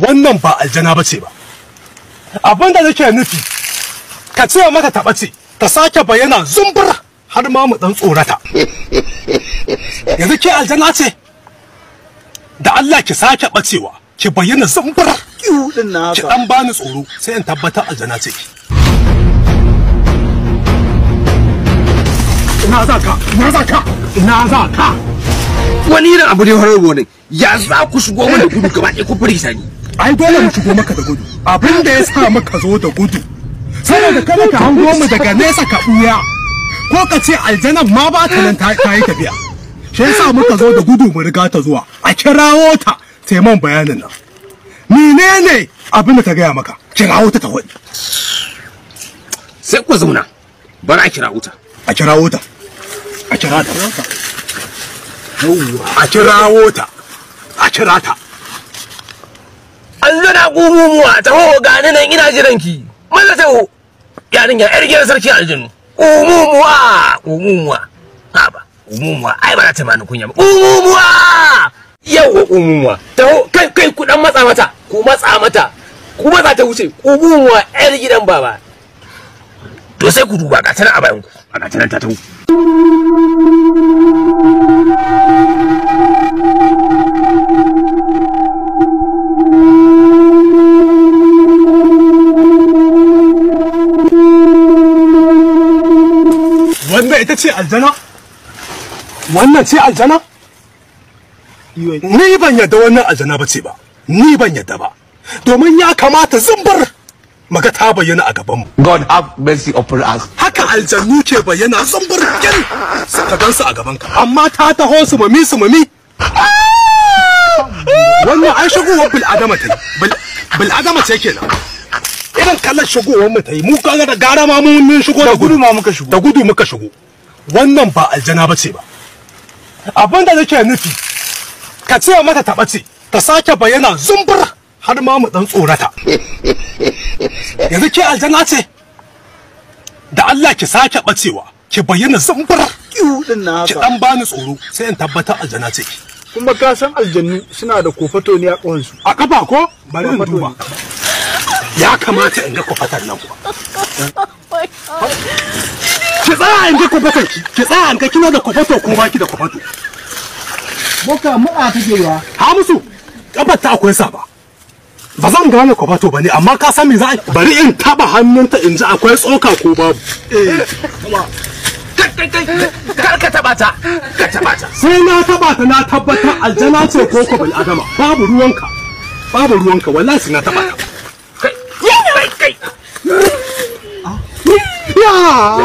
wannan ba aljana ba ce ba abin da nake nufi ka ce mata ta ɓace ta sake bayyana zumbur har ma mu dan tsorata yanzu ke aljana ce da Allah ki sake bacewa ki bayyana zumbur ki dan bani tsoro sai in tabbatar aljana ce ina za ka ina za ka ina za ka wani irin abu ne har ne ya za ku shigo mana gudu gaba ɗaya ku firgita ni ai dole mu shigo maka da gudu abin da ya sa muka zo da gudu sai da kada ka hango mu daga nesa ka buya ko ka ce aljanan ma ba ta nan ta yi tafiya shi yasa muka zo da gudu mu riga ta zuwa a kirawo ta sai man bayanin nan menene abin da ta gaya maka kirawo ta ta wani sai ku zauna bar a kirawo ta a kirawo ta a kirawo ta a kirawo ta a kira ta yanzu na gumuwa taho gani nan ina jiran ki maza taho yarin ya yar gidan sarki aljinu umumuwa umumuwa ha ba umumuwa ai ba za ta mani kunya ba yau yawa umumuwa taho kai kai ku dan matsa mata ku matsa mata ku matsa ta wuce umumuwa yar gidan baba to sai ku duba ga tana a bayan ku ga tana ta taho ita ce aljana wannan ce aljana ni ban yadda wannan aljana ba ce ba ni ban yadda ba domin ya kamata zumbar maga ta bayyana a gaban mu god have mercy upon us haka aljannu ke bayyana zumbar gin ka su a gaban ka amma ta taho su mami su mami wannan ai shigowar bil adama ta yi bil adama ce kenan irin kallon shigowar mu ta yi mu kaga da gara ma mun shigo da gudu ma muka shigo da gudu muka shigo wannan ba aljana ba ce ba abin da nake nufi ka ce mata ta ɓace ta sake bayyana zumbur har ma mu dan tsorata yanzu ke aljana ce da Allah ki sake ɓacewa ki bayyana zumbur ki dan bani tsoro sai in tabbata aljana ce kuma ka san aljannu suna da kofato ne a kawansu a kafa ko bari in duba ya kamata in ga kofatar nan kuwa oh ki tsaya in ga kofato ki tsaya in ga kino da kofato ko baki da kofato boka mu'a take ruwa ha musu kafar ta akwai saba ba zan gane kwabato ba ne amma ka san me za a bari in taba hannunta in ji akwai tsoka ko babu eh, kar ka taba ta ka taba ta sai na taba ta na tabbatar aljana ce ko ko bil adama babu ruwanka babu ruwanka wallahi sai na taba ta kai kai ya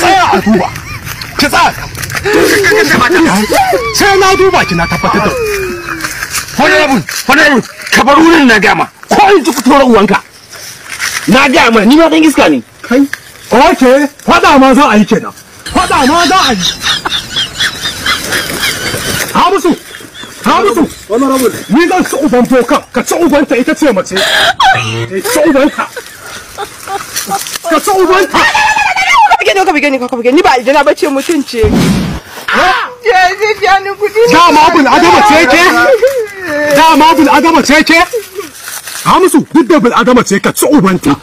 tsaya a duba ki tsaya sai na duba ki na tabbatar da ka bar wurin na gama ko in ji fitowar na gama ma dan iska ne kai ok fada ma za a yi kenan ma za a yi ha musu ha musu ni zan ci uban ka ci ubanta ita ce mace ka ci ka ci ubanta zo ka bige ni ka ka bige ni ba aljana bace mutun ce ya ya ji ni kudi da ma bul adama ce ke da ma bul adama ce ke hamisu duk da bul adama ce ka ci ubanta